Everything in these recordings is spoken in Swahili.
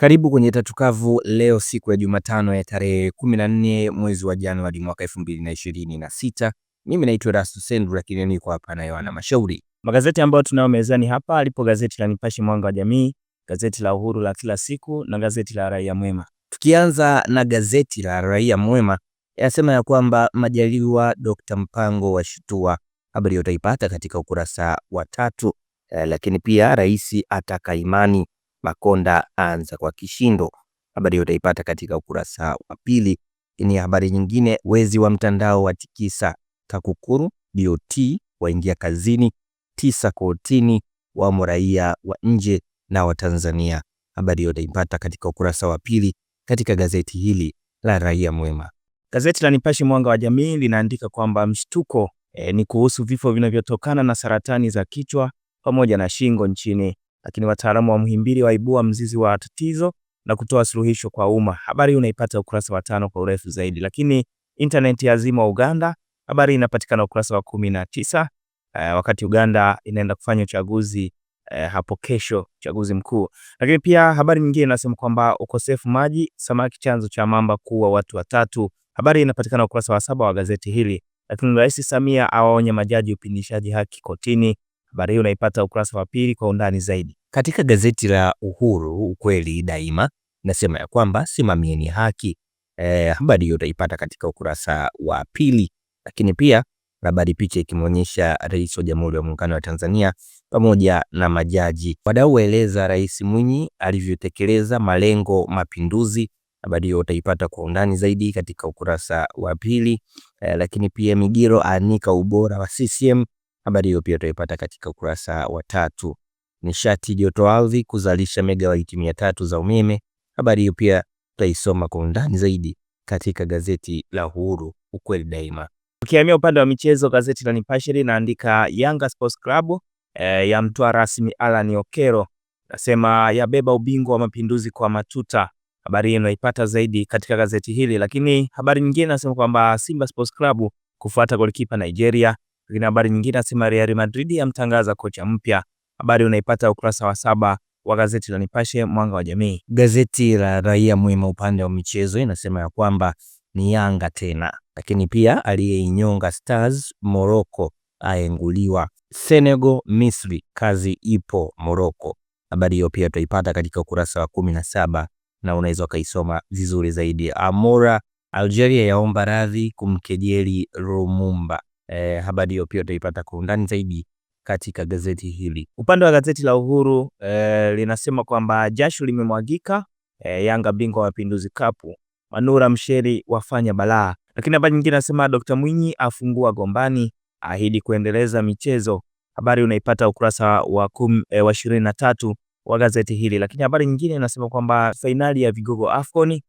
Karibu kwenye Tatukavu leo siku ya Jumatano ya tarehe 14 mwezi wa Januari mwaka 2026. Mimi naitwa Rastu Sendu, lakini niko hapa na Yohana Mashauri. Magazeti ambayo tunayo mezani hapa alipo gazeti la Nipashe Mwanga wa Jamii, gazeti la Uhuru la kila siku na gazeti la Raia Mwema. Tukianza na gazeti la Raia Mwema, yanasema ya kwamba Majaliwa Dr. Mpango washtua, habari utaipata katika ukurasa wa tatu. Eh, lakini pia rais ataka imani Makonda anza kwa kishindo. Habari hiyo utaipata katika ukurasa wa pili. Ni habari nyingine, wezi wa mtandao wa tikisa TAKUKURU, BOT waingia kazini, tisa kotini, wamo raia wa nje na wa Tanzania. Habari hiyo utaipata katika ukurasa wa pili katika gazeti hili la Raia Mwema. Gazeti la Nipashe Mwanga wa Jamii linaandika kwamba mshtuko e, ni kuhusu vifo vinavyotokana na saratani za kichwa pamoja na shingo nchini lakini wataalamu wa Muhimbili waibua mzizi wa tatizo na kutoa suluhisho kwa umma. Habari unaipata ukurasa wa tano kwa urefu zaidi, lakini intaneti ya zima Uganda, habari inapatikana ukurasa wa kumi na tisa. Uh, wakati Uganda inaenda kufanya uchaguzi uh, hapo kesho, uchaguzi mkuu. Lakini pia habari nyingine inasema kwamba ukosefu maji samaki chanzo cha mamba kuua watu watatu. Habari inapatikana ukurasa wa saba wa gazeti hili. Lakini Rais Samia awaonya majaji upinishaji haki kotini. Habari hiyo unaipata ukurasa wa pili kwa undani zaidi katika gazeti la Uhuru, ukweli daima, nasema ya kwamba simamieni haki. Eh, habari hiyo utaipata katika ukurasa wa pili, lakini pia habari picha ikimwonyesha Rais wa Jamhuri ya Muungano wa Tanzania pamoja na majaji. Wadau waeleza Rais Mwinyi alivyotekeleza malengo mapinduzi. Habari hiyo utaipata kwa undani zaidi katika ukurasa wa pili. Eh, lakini pia Migiro aanika ubora wa CCM Habari hiyo pia utaipata katika ukurasa wa tatu. Nishati joto ardhi kuzalisha megawati mia tatu za umeme. Habari hiyo pia tutaisoma kwa undani zaidi katika gazeti la Uhuru, ukweli daima. Ukihamia upande wa michezo, gazeti la Nipashe linaandika Yanga Sports Club e, eh, ya mtoa rasmi Alan Okero, nasema yabeba ubingwa wa mapinduzi kwa matuta. Habari hiyo unaipata zaidi katika gazeti hili, lakini habari nyingine nasema kwamba Simba Sports Club kufuata golikipa Nigeria lakini habari nyingine nasema Real Madrid yamtangaza kocha mpya. Habari unaipata ukurasa wa saba wa gazeti la Nipashe mwanga wa jamii. Gazeti la Raia Mwema upande wa michezo inasema ya kwamba ni Yanga tena, lakini pia aliyeinyonga Stars Morocco aenguliwa. Senegal Misri, kazi ipo Morocco. Habari hiyo pia utaipata katika ukurasa wa kumi na saba na unaweza ukaisoma vizuri zaidi. Amora Algeria yaomba radhi kumkejeli Lumumba eh, habari hiyo pia utaipata kwa undani zaidi katika gazeti hili. Upande wa gazeti la Uhuru eh, linasema kwamba jasho limemwagika eh, Yanga bingwa wa Pinduzi Cup, Manura Msheri wafanya balaa. Lakini habari nyingine nasema Dr. Mwinyi afungua gombani ahidi kuendeleza michezo. Habari unaipata ukurasa wa kum, eh, wa tatu wa gazeti hili. Lakini habari nyingine inasema kwamba fainali ya vigogo Afcon eh,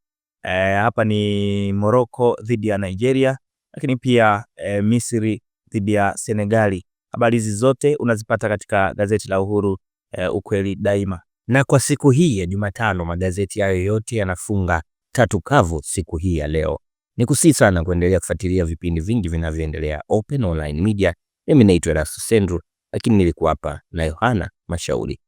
hapa ni Morocco dhidi ya Nigeria lakini pia e, Misri dhidi ya Senegali. Habari hizi zote unazipata katika gazeti la Uhuru e, ukweli daima. Na kwa siku hii ya Jumatano magazeti hayo yote yanafunga tatu kavu siku hii ya leo. Ni kusii sana kuendelea kufuatilia vipindi vingi vinavyoendelea Open Online Media. Mimi naitwa Erasto Sendru, lakini nilikuwa hapa na Yohana Mashauri.